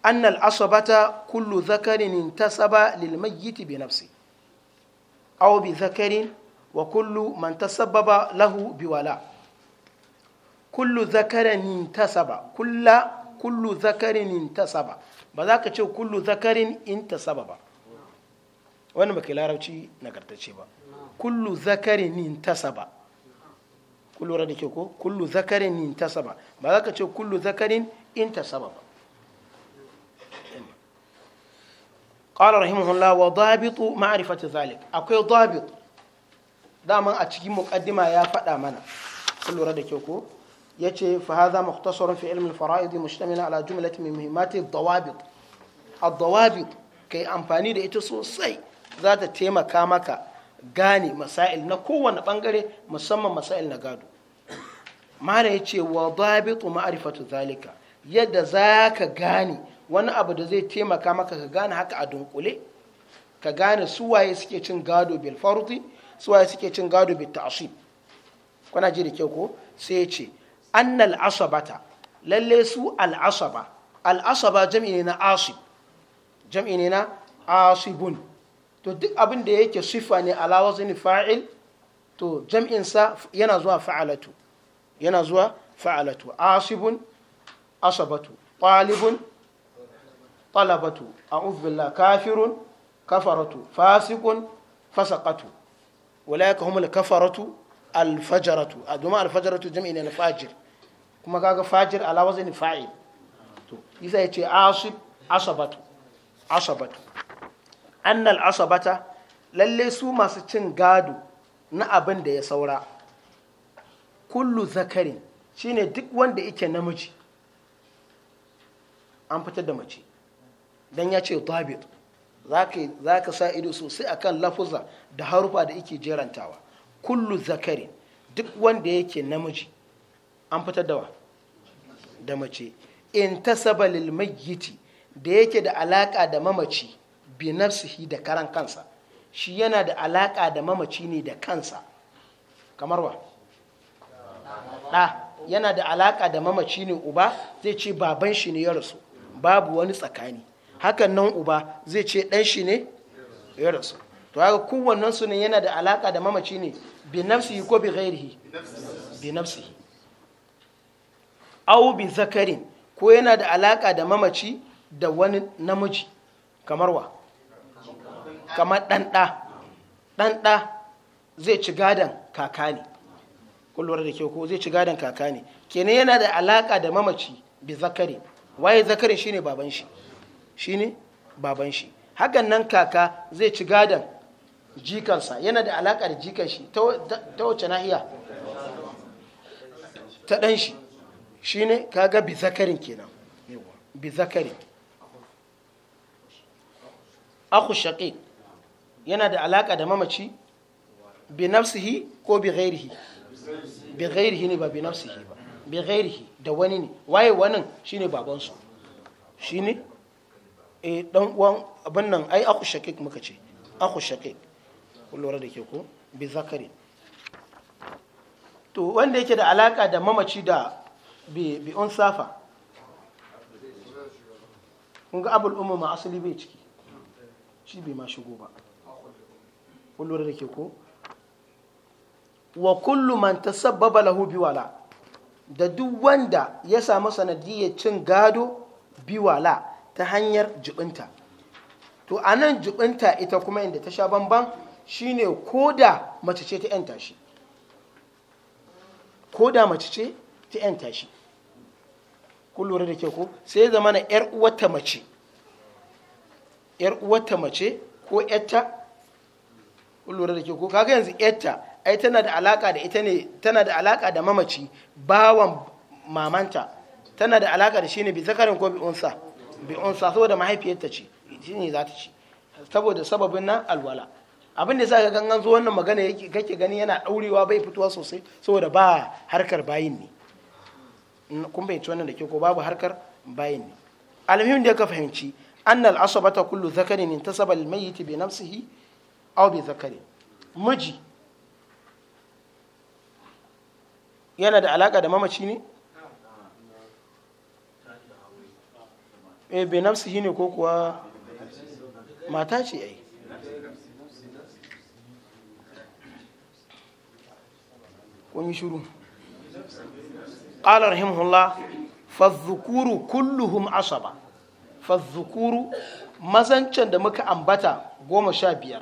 أن العصبة كل ذكر انتسب للميت بنفسه أو بذكر وكل من تسبب له بولاء كل ذكر انتسب كل كل ذكر انتسب بذاك تشو كل ذكر انتسب وانا بكي لا روشي نقرتشي كل ذكر انتسب kullura da ke ko kullu zakarin in ta ba za ka ce kullu zakarin in ta ba akwai dabitu daman a cikin mukaddima ya faɗa mana kullura fahaza makutasorin fi ilmin fara'idu mashtamina alajumilatin mai muhimmatin dawabit a dawabit ka yi amfani da ita sosai zata taimaka maka gane masail na kowane ɓangare musamman masail na gado mana ya ce wa dabitu ma'arifatu zalika yadda za ka gane wani abu da zai taimaka maka ka gane haka a dunkule ka gane suwaye suke cin gado bil fardi suwaye suke cin gado bil ta'sib kuna ji da kyau ko sai ya ce annal asabata lalle su al asaba al asaba jam'i ne na asib jam'i ne na asibun to duk abin da yake sifa ne ala wazni fa'il to sa yana zuwa fa'alatu yana zuwa fa'alatu asibun asabatu qalibun talabatu a'udhu billahi kafirun kafaratu fasikun fasakatu fasaqatu walaika humul kafaratu alfajaratu a domin alfajaratu jami'in ne na fajir kuma kaga fajir ala wazin fa'il to isa ya ce asib asabatu asabatu annal asabata lalle su masu cin gado na abin da ya saura kullu zakarin shine duk wanda yake namiji an fitar da mace don ya ce tabir za ka sa ido sosai akan lafuza da harufa da yake jerantawa kullu zakarin duk wanda yake namiji an fitar da wa da mace in tasaba sabalil da yake da alaka da mamaci bi nafsihi da karan kansa shi yana da alaka da mamaci ne da kansa kamar wa ɗa yana da alaka da mamaci ne uba zai ce baban shi ne ya rasu babu wani tsakani hakan nan uba zai ce ɗan shi ne ya rasu to haka kowannen su ne yana da alaka da mamaci ne bi nafsihi ko bi ghairihi bi nafsihi aw bi zakarin ko yana da alaka da mamaci da wani namiji kamar wa kamar dan da zai ci gadon kaka ne kun lura da ke ko zai ci gadon kaka ne kenan yana da alaka da mamaci bi zakari waye zakari shine baban shi shine baban shi hakan nan kaka zai ci gadon jikansa yana da alaka da jikan shi ta wace nahiya ta dan shi shine kaga bi zakarin kenan bi zakari akhu shaqiq yana da alaka da mamaci bi nafsihi ko bi ghairihi bi ghairihi ne ba bi nafsihi ba bi ghairihi da wani ne waye wannan shine baban su shine eh dan uwan abin nan ai aku shakik muka ce aku shakik kullura da ke ko bi zakari to wanda yake da alaka da mamaci da bi bi unsafa kun ga abul umma ma asali bai ciki shi bai ma shigo ba kullura da ke ko wa kullu man tasabbaba lahu biwala da duk wanda ya samu sanadiyar cin gado biwala ta hanyar jubinta to a nan jubinta ita kuma inda ta sha bamban shine koda mace ce ta yanta shi koda mace ce ta yanta shi kun da ke ko sai zama na yar uwata mace yar uwata mace ko yatta kun da ke ko kaga yanzu yatta ai tana da alaka da ita ne tana da alaka da mamaci bawan mamanta tana da alaka da shi ne bi zakarin ko bi unsa bi unsa saboda mahaifiyarta ce shi ne za ta ci saboda sababin na alwala abin da sa ga gangan zo wannan magana yake kake gani yana daurewa bai fitowa sosai saboda ba harkar bayin ne kun bai wannan da ke ko babu harkar bayin ne almuhim da ka fahimci annal ta kullu zakarin ta saba almayyiti bi nafsihi aw bi zakarin miji yana da alaka da mamaci ne e eh, bai nafsihi ne ko kuwa mata ce ai yi shuru ƙalar himhullah fazzukuru kulluhum asaba fazzukuru mazancan da muka ambata goma sha biyar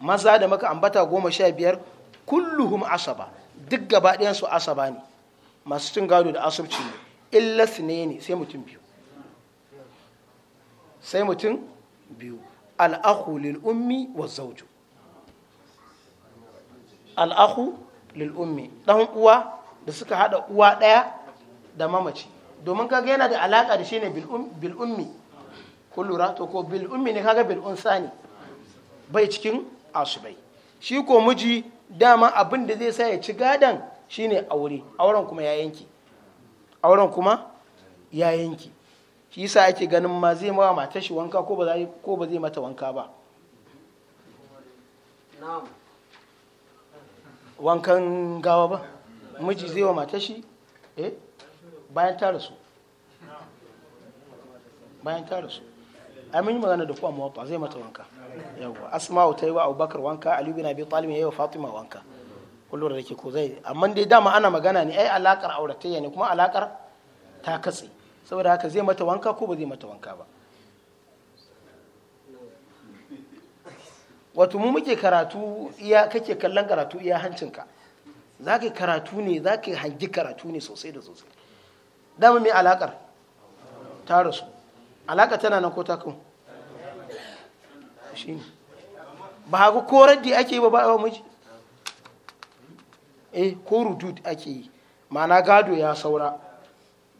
maza da muka ambata goma sha biyar kulluhum asaba duk gaba ɗayan su asaba ne masu cin gado da asubci ne illa ne ne sai mutum biyu sai mutum biyu al'ahu lil'ummi wa zawju al'ahu lil'ummi ɗan dan uwa da suka haɗa uwa ɗaya da mamaci domin kaga yana da alaka da shi ne bil'ummi um, kun lura to ko bil'ummi ne kaga bil unsa ne bai cikin asubai shi ko miji dama abin da zai sa ya ci gadan shine aure auren kuma ya yanki auren kuma ya yanki shi yasa ake ganin ma zai mawa matar shi wanka ko ba zai mata wanka ba wankan gawa ba miji zai wa matar shi eh bayan ta rasu bayan ta rasu ai mun yi magana da ku amma muwatta zai mata wanka yawa asma'u ta yi wa abubakar wanka aliyu bin abi talib ya yi wa fatima wanka kullum da ke ko zai amma dai dama ana magana ne ai alakar auratayya ne kuma alakar ta katse saboda haka zai mata wanka ko ba zai mata wanka ba wato mu muke karatu iya kake kallon karatu iya hancinka za ka karatu ne za ka hangi karatu ne sosai da sosai dama mai alakar ta rasu alaka tana nan ko ta kan shi ne ba haku korar da ake yi ba a miji eh ko rudud ake yi ma'ana gado ya saura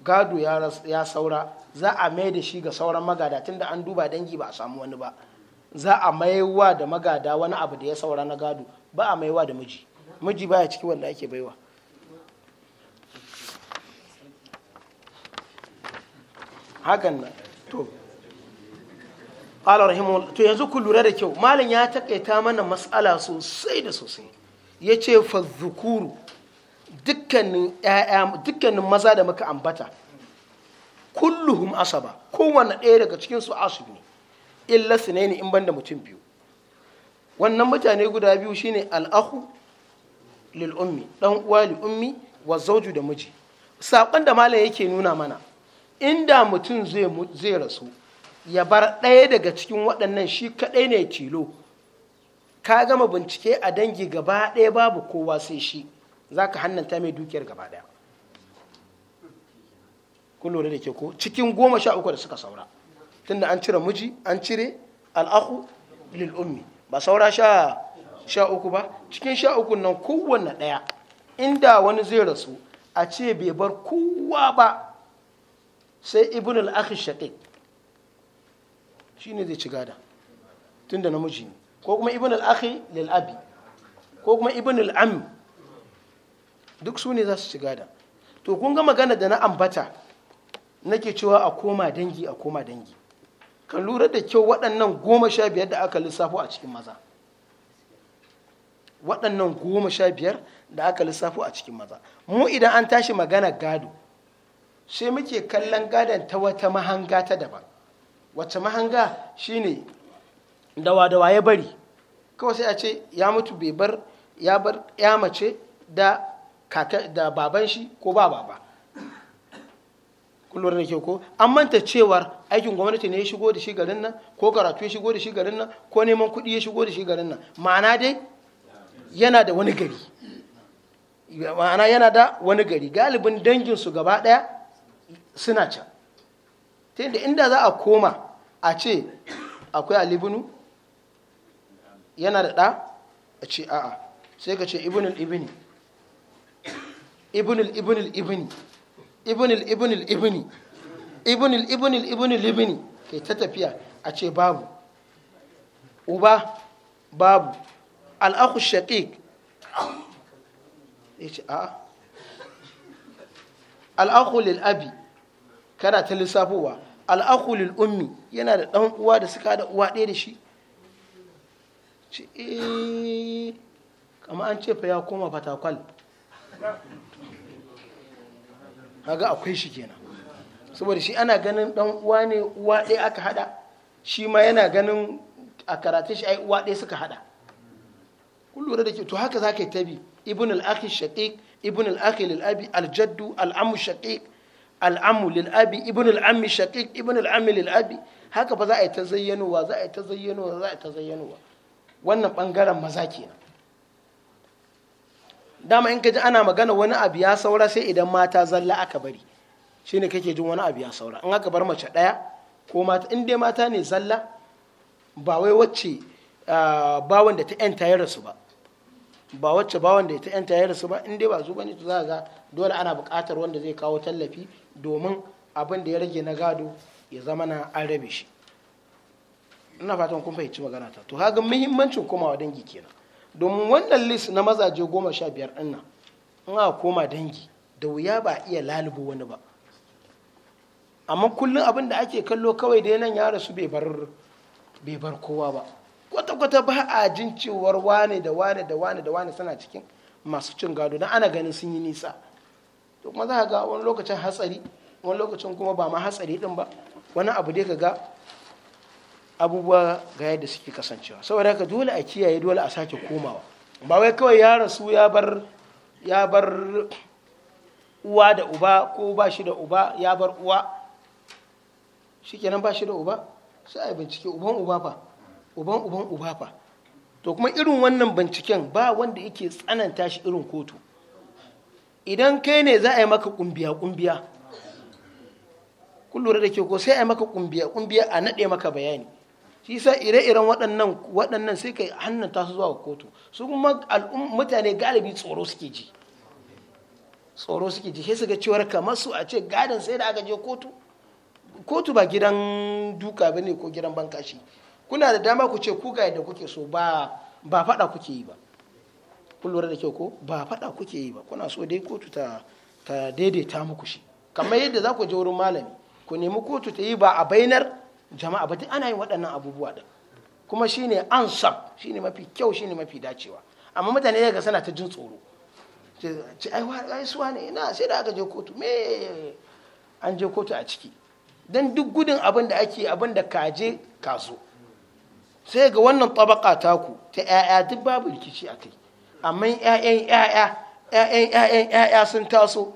gado ya saura za a mai da shi ga sauran magada tunda an duba dangi ba a samu wani ba za a maiwa da magada wani abu da ya saura na gado ba a maiwa da miji miji baya ciki wanda ake baiwa hakan nan to ƙalar to yanzu ku lura da kyau malam ya takaita mana matsala sosai da sosai ya ce dhukuru dukkanin maza da muka ambata kulluhum asaba kowanne ɗaya daga cikin su ne illa su ne in banda mutum biyu wannan mutane guda biyu shine al'ahu lil'ummi ummi dan uwa lil'ummi wa zauju da miji saƙon da malam yake nuna mana inda mutum zai rasu ya bar ɗaya daga cikin waɗannan shi kaɗai ne tilo ka gama bincike a dangi gaba ɗaya babu kowa sai shi za ka hannanta mai dukiyar gaba ɗaya kun lura da ke ko cikin goma sha uku da suka saura tunda an cire miji an cire al'ahu lil ba saura sha sha uku ba cikin sha uku nan kowanne ɗaya inda wani zai rasu a ce bai bar kowa ba sai ibn al’akhir shaƙiƙ shi shine zai ci gada tun da namiji ne ko kuma ibn al’akhir lil’abi ko kuma ibn al’am duk su ne za su ci gada to kun ga magana da na ambata nake cewa a koma dangi a koma dangi ka lura da kyau waɗannan goma sha biyar da aka lissafo a cikin maza waɗannan goma sha biyar da aka lissafo a cikin maza mu idan an tashi magana gado sai muke kallon gadon ta wata mahanga ta daban wata mahanga shine dawa dawa ya bari kawai sai a ce ya mutu bai bar ya bar ya mace da kaka da baban shi ko ba baba kullum da ke ko an manta cewar aikin gwamnati ne ya shigo da shi garin nan ko karatu ya shigo da shi garin nan ko neman kuɗi ya shigo da shi garin nan ma'ana dai yana da wani gari ma'ana yana da wani gari galibin danginsu gaba ɗaya suna can ta yadda inda za a koma a ce akwai alibinu yana da ɗa a ce a'a sai ka ce ibinul ibini ibinul ibinul ibini ibinul ibinul ibini ibinul ibinul ibinul ibini kai ta tafiya a ce babu uba babu al'akhu shaqiq ya ce a'a al'akhu lil'abi abi kana ta lissafowa al'akulil ummi yana da ɗan uwa da suka da uwa ɗaya da shi ce eh, kama an ce fa ya koma fatakwal haga akwai shi kenan saboda shi ana ganin ɗan uwa ne uwa ɗaya aka haɗa shi ma yana ganin a karatun shi ai uwa ɗaya suka haɗa kun lura da ke to haka za ka yi tabi ibn al-akhi shaqiq ibn al-akhi lil amu al'amu lil'abi ibn al'ammi shaqiq ibn al'ammi lil'abi haka ba za a yi ta zayyanuwa za a yi ta zayyanuwa za a yi ta zayyanuwa wannan bangaren maza kenan dama in ka ji ana magana wani abu ya saura sai idan mata zalla aka bari shi ne kake jin wani abu ya saura in aka bar mace ɗaya ko mata in dai mata ne zalla ba wai wacce bawan da ta yanta ya rasu ba ba wacce bawan da ta yanta ya rasu ba in dai ba zuba ne to za ga dole ana buƙatar wanda zai kawo tallafi domin abin da ya rage na gado ya zama na an rabe shi ina fatan kun fahimci magana ta to haga muhimmancin komawa dangi kenan domin wannan list na mazaje goma sha biyar ɗin nan in aka koma dangi da wuya ba iya lalubo wani ba amma kullum abin da ake kallo kawai da nan ya rasu bai bar kowa ba kwata-kwata ba a jin cewar wane da wane da wane da wane suna cikin masu cin gado don ana ganin sun yi nisa to kuma za ka ga wani lokacin hatsari wani lokacin kuma ba ma hatsari din ba wani abu dai ka ga abubuwa ga yadda suke kasancewa saboda haka dole a kiyaye dole a sake komawa ba wai kawai ya rasu ya bar ya bar uwa da uba ko ba shi da uba ya bar uwa shikenan ba shi da uba sai a bincike uban uba fa uban uban uba fa to kuma irin wannan binciken ba wanda yake tsananta shi irin kotu idan kai ne za a yi maka kumbiya kumbiya kullum da ke ko sai a yi maka kumbiya kumbiya a naɗe maka bayani shi sa ire-iren waɗannan sai kai hannun ta su zuwa kotu su kuma mutane galibi tsoro suke ji tsoro suke ji sai su ga cewar kamar su a ce gadon sai da aka je kotu kotu ba gidan duka ba ne ko gidan bankashi kuna da dama ku ce ku ga yadda kuke so ba ba faɗa kuke yi ba kun da kyau ko ba faɗa kuke yi ba kuna so dai kotu ta daidaita muku shi kamar yadda za ku je wurin malami ku nemi kotu ta yi ba a bainar jama'a ba duk ana yin waɗannan abubuwa ɗin kuma shine ansab shine mafi kyau shine mafi dacewa amma mutane ga sana ta jin tsoro ce ai suwa ne na sai da aka je kotu me an je kotu a ciki dan duk gudun abin da ake abin da kaje kaso sai ga wannan tabaka taku ta 'ya'ya duk babu rikici a kai amma yayan yaya yayan yayan yaya sun taso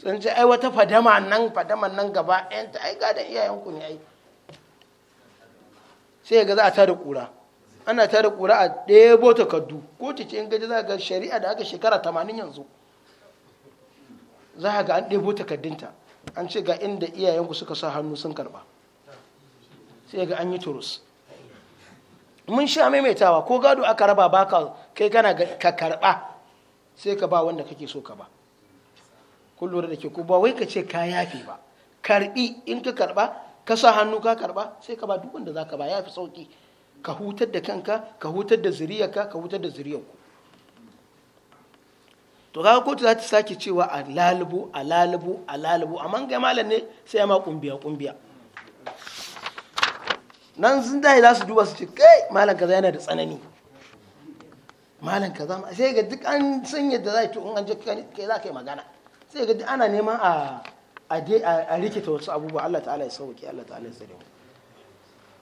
sun ce ai wata fadama nan fadama nan gaba yan ta ai gadan iyayen ku ne ai sai ga za a tada kura ana tada kura a ɗebo takardu ko ta ce in gaji za ga shari'a da aka shekara tamanin yanzu za ga an ɗebo takardunta an ce ga inda iyayenku suka sa hannu sun karba sai ga an yi turus mun sha maimaitawa ko gado aka raba baka kai kana ka karba sai ka ba wanda kake so ka ba kun da ke ku ba wai ka ce ka yafi ba karbi in ka karba ka sa hannu ka karba sai ka ba duk wanda zaka ba yafi sauki ka hutar da kanka ka hutar da zuriyarka ka hutar da ku to ga kotu za ta sake cewa a lalubu a lalubu a lalubu amma ga malam ne sai ya ma kumbiya kumbiya nan zindai za su duba su ce kai malam kaza yana da tsanani malam kaza ma sai ga duk an san yadda za to in an je kai za ka yi magana sai ga duk ana neman a a a rikita wasu abubuwa Allah ta'ala ya sauke Allah ta'ala ya tsare mu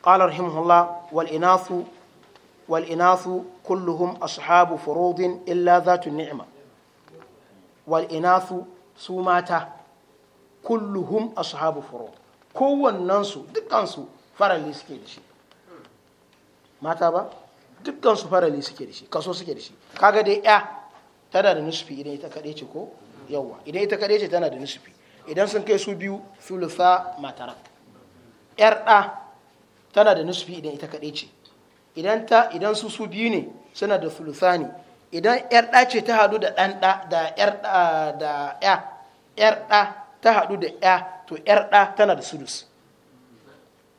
qala rahimahullah wal inasu wal inasu kulluhum ashabu furudin illa zatu ni'ma wal inasu su mata kulluhum ashabu furud kowannen su dukkan su farali suke da shi mata ba dukkan su farali suke da shi kaso suke da shi kaga dai ya tana da nusufi idan ita kaɗe ce ko yawwa? idan ita kaɗe ce tana da nusufi. idan sun kai su biyu sulusa matara yar ɗa tana da nusufi idan ita kaɗe ce idan ta idan su su biyu ne suna da sulusa ne idan yar ɗa ce ta haɗu da ɗan ɗa da yar da ya yar ɗa ta haɗu da ya to yar ɗa tana da sulus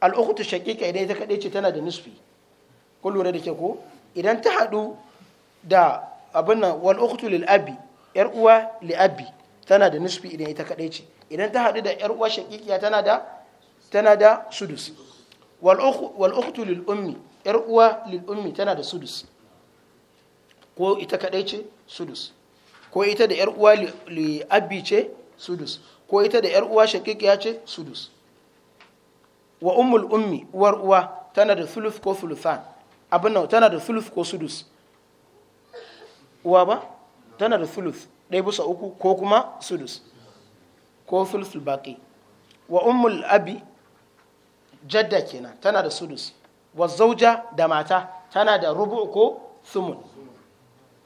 al'ukutu shakika idan ita kaɗe ce tana da nusufi kun lura da ke ko idan ta haɗu da abin nan wal ukhtu lil abi yar uwa li abi tana da nisfi idan ita kadai ce idan ta haɗu da yar uwa shaqiqiya tana da tana da sudus wal ukh wal ukhtu lil ummi yar uwa lil ummi tana da sudus ko ita kadai ce sudus ko ita da yar uwa li abi ce sudus ko ita da yar uwa shaqiqiya ce sudus wa ummul ummi uwar uwa tana da thuluth ko thuluthan abin nan tana da thuluth ko sudus uwa ba tana da thuluth ɗaya bisa uku ko kuma sudus ko thuluth baki wa ummul abi jadda kenan tana da sudus wa zauja da mata tana da rubu ko thumun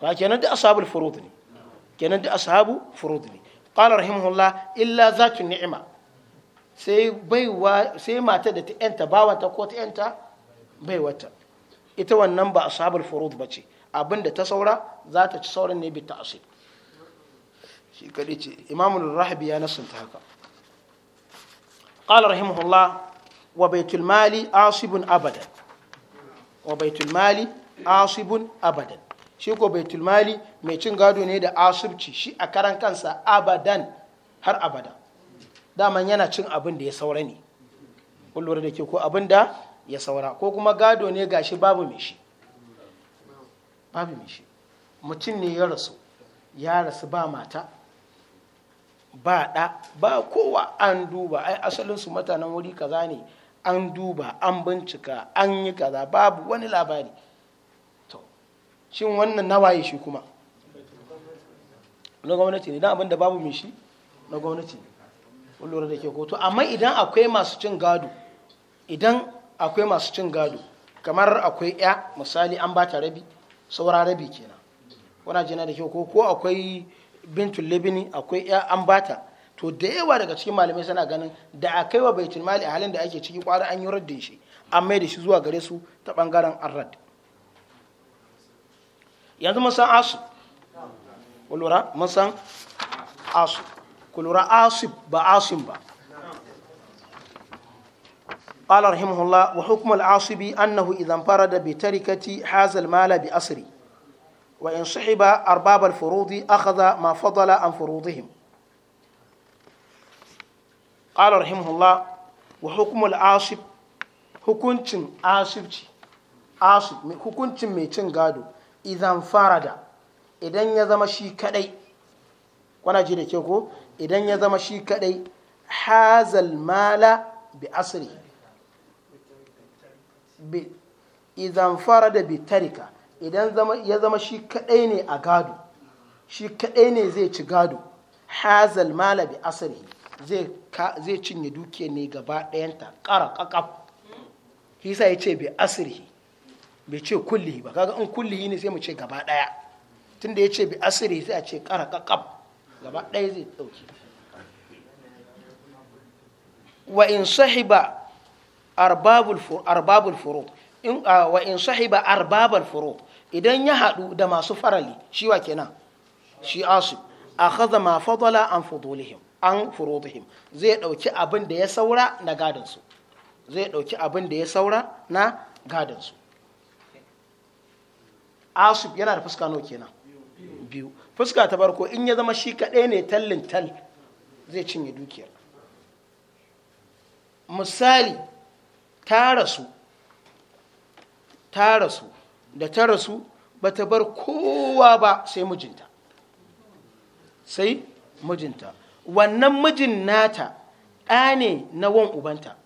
ba kenan da ashabul furud ne kenan da ashabu furud ne qala rahimahullah illa zatu ni'ima sai baiwa sai mata da ta yanta bawa ta ko ta yanta baiwata ita wannan ba ashabul furud ba ce abinda ta saura za ta ci sauran ne bita asir shi kadai ce imamul rahabi ya nasanta haka ƙalar rahimahullah wa baitul mali asibun abadan wa baitul mali asibun abadan shi ko baitul mali mai cin gado ne da asibci shi a karan kansa abadan har abada daman yana cin abin da ya saura ne kullum da ke ko abin da ya saura ko kuma gado ne gashi babu mai shi babu mai shi mutum ne ya rasu ya rasu ba mata ba ɗa ba kowa an duba ai asalin su mutanen wuri kaza ne an duba an bincika an yi kaza babu wani labari to shin wannan waye shi kuma na gwamnati ne don abin da babu mai shi na gwamnati ne lura da ke koto amma idan akwai masu cin gado idan akwai masu cin gado kamar akwai ya misali an bata rabi saura rabi kenan wana jina da kyau ko akwai bintul labini akwai ya an bata to da yawa daga cikin malamai suna ganin da a kaiwa baitul mali a halin da ake ciki kwara an yi raddin shi an mai da shi zuwa gare su ta bangaren arrad yanzu mun san asu kulura mun san asu ba asim ba قال رحمه الله وحكم العاصب أنه إذا انفرد بتركة حاز المال بأسره وإن صحب أرباب الفروض أخذ ما فضل عن فروضهم قال رحمه الله وحكم العاصب hukuncin asibci asib hukuncin mai cin gado idan farada idan ya zama shi kadai kwana ji da ke ko idan ya zama shi kadai hazal mala bi asiri idan fara da bitarika idan ya zama shi kadai ne a gado shi kadai ne zai ci gado hazal malabi asali zai cinye dukiyar ne gaba ɗayanta ƙara ƙaƙaf hisa ya ce bi asiri bai ce kulli ba kaga in kulli ne sai mu ce gaba ɗaya tunda ya ce bi asiri sai a ce ƙara ƙaƙaf gaba ɗaya zai ɗauki wa in sahiba arbabul arbabul furud in ah, wa in sahiba arbabul furud idan ya hadu da masu farali shi wa kenan shi asu akhadha ma fadala an fudulihim an furudihim zai dauki abin da ya saura na gadon su zai dauki abin da ya saura na gadon su asu yana da fuska nawa kenan biyu fuska ta barko in ya zama shi kaɗai ne tallin tal zai cinye dukiyar misali ta rasu ta rasu da ta rasu ba ta bar kowa ba sai mijinta sai mijinta wannan mijin nata ɗa na wan ubanta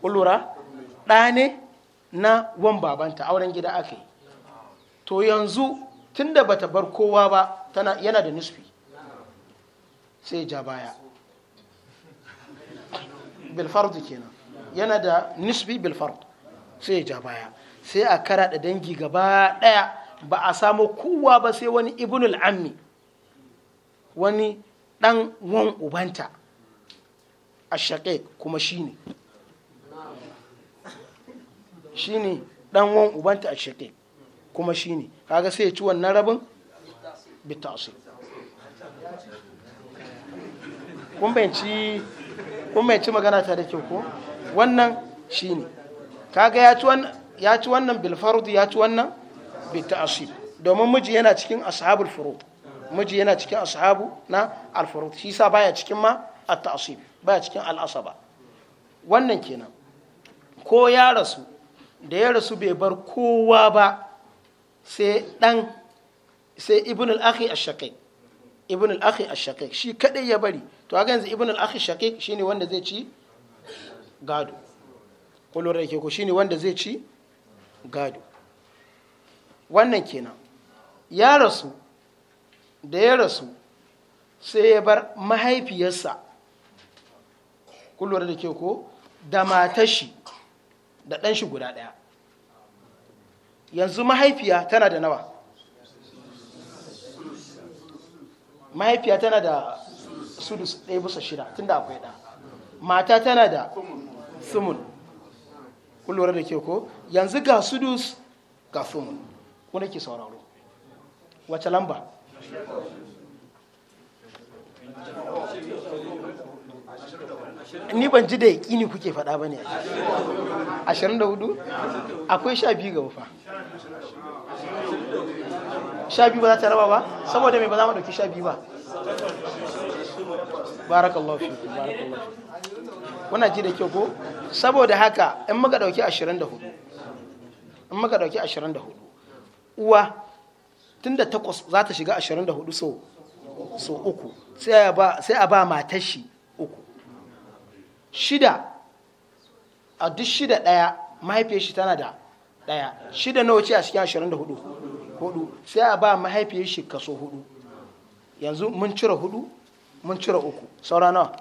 ƙulura ɗa na wan babanta auren gida aka to yanzu tunda ba ta bar kowa ba yana da nisfi sai ja baya ke kenan yana da nisbi bil sai ya ja baya sai a kara da dangi gaba daya ba a samu kuwa ba sai wani ibnul ammi wani dan wan ubanta a shaƙe kuma shine shine dan wan ubanta a shaƙe kuma shine kaga sai ya ci wannan rabin bitasir kun bayanci kun mai ci magana ta da kyau ko wannan shine kaga ya ci wannan ya ci wannan ya ci wannan bi domin miji yana cikin ashabul furu miji yana cikin ashabu na al shi sa baya cikin ma at ta'sib baya cikin al'asaba wannan kenan ko ya rasu da ya rasu bai bar kowa ba sai dan sai ibn al-akhi ash-shaqiq ibn al-akhi ash-shaqiq shi kadai ya bari to haka yanzu ibn al-akhi shaqiq shine wanda zai ci gado kullun rake ko shine wanda zai ci gado wannan kenan ya rasu da ya rasu sai ya bar mahaifiyarsa kullun rake ko da matashi da ɗan shi guda ɗaya yanzu mahaifiya tana da nawa mahaifiya tana da sudu ɗaya bisa shida da akwai ɗa mata tana da sumun kun da ke ko yanzu ga sudu ga sumun kuna ke sauraro wace lamba ni ban ji da ne kuke faɗa ba ne ashirin da hudu akwai sha biyu gaba fa sha biyu ba za ta raba ba saboda mai ba za mu ɗauki sha biyu ba barakallahu fi barakallahu fi wannan ji da kyau ko saboda haka in muka dauki 24 in muka dauki 24 uwa tunda takwas za ta shiga 24 so so uku sai a ba sai a ba matar shi uku shida a duk shida daya mahaifiyar shi tana da daya shida nawa ce a cikin 24 hudu sai a ba mahaifiyar shi kaso hudu yanzu mun cire hudu mun cire uku saura nawa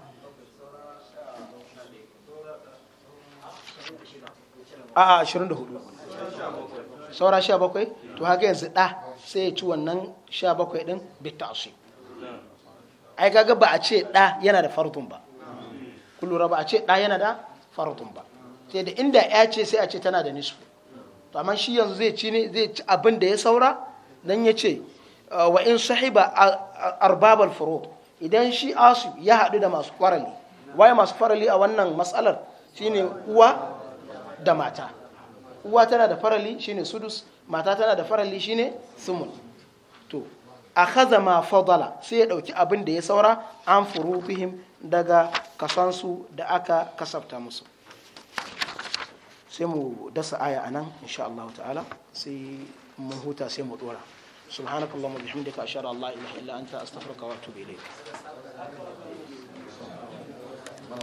a a 24 saura 17 to haka yanzu ɗa sai ya ci wannan 17 ɗin su ai kaga ba a ce ɗa yana da farutun ba kullura ba a ce ɗa yana da farutun ba sai da inda ya ce sai a ce tana da nisfu to amma shi yanzu zai ci ne zai ci abin da ya saura don ya ce wa in sahiba arbabal furud idan shi asu ya haɗu da masu farali waye masu farali a wannan matsalar shine uwa da mata uwa tana da farali shine sudus mata tana da farali shine sumun to a kaza ma fadala sai ya ɗauki abin da ya saura an furu fihim daga kasansu da aka kasafta musu sai mu dasa aya anan insha Allah ta'ala sai mun huta sai mu ɗora. subhanakallahumma bihamdika ashhadu ka la ilaha illa anta astaghfiruka wa atubu ilayk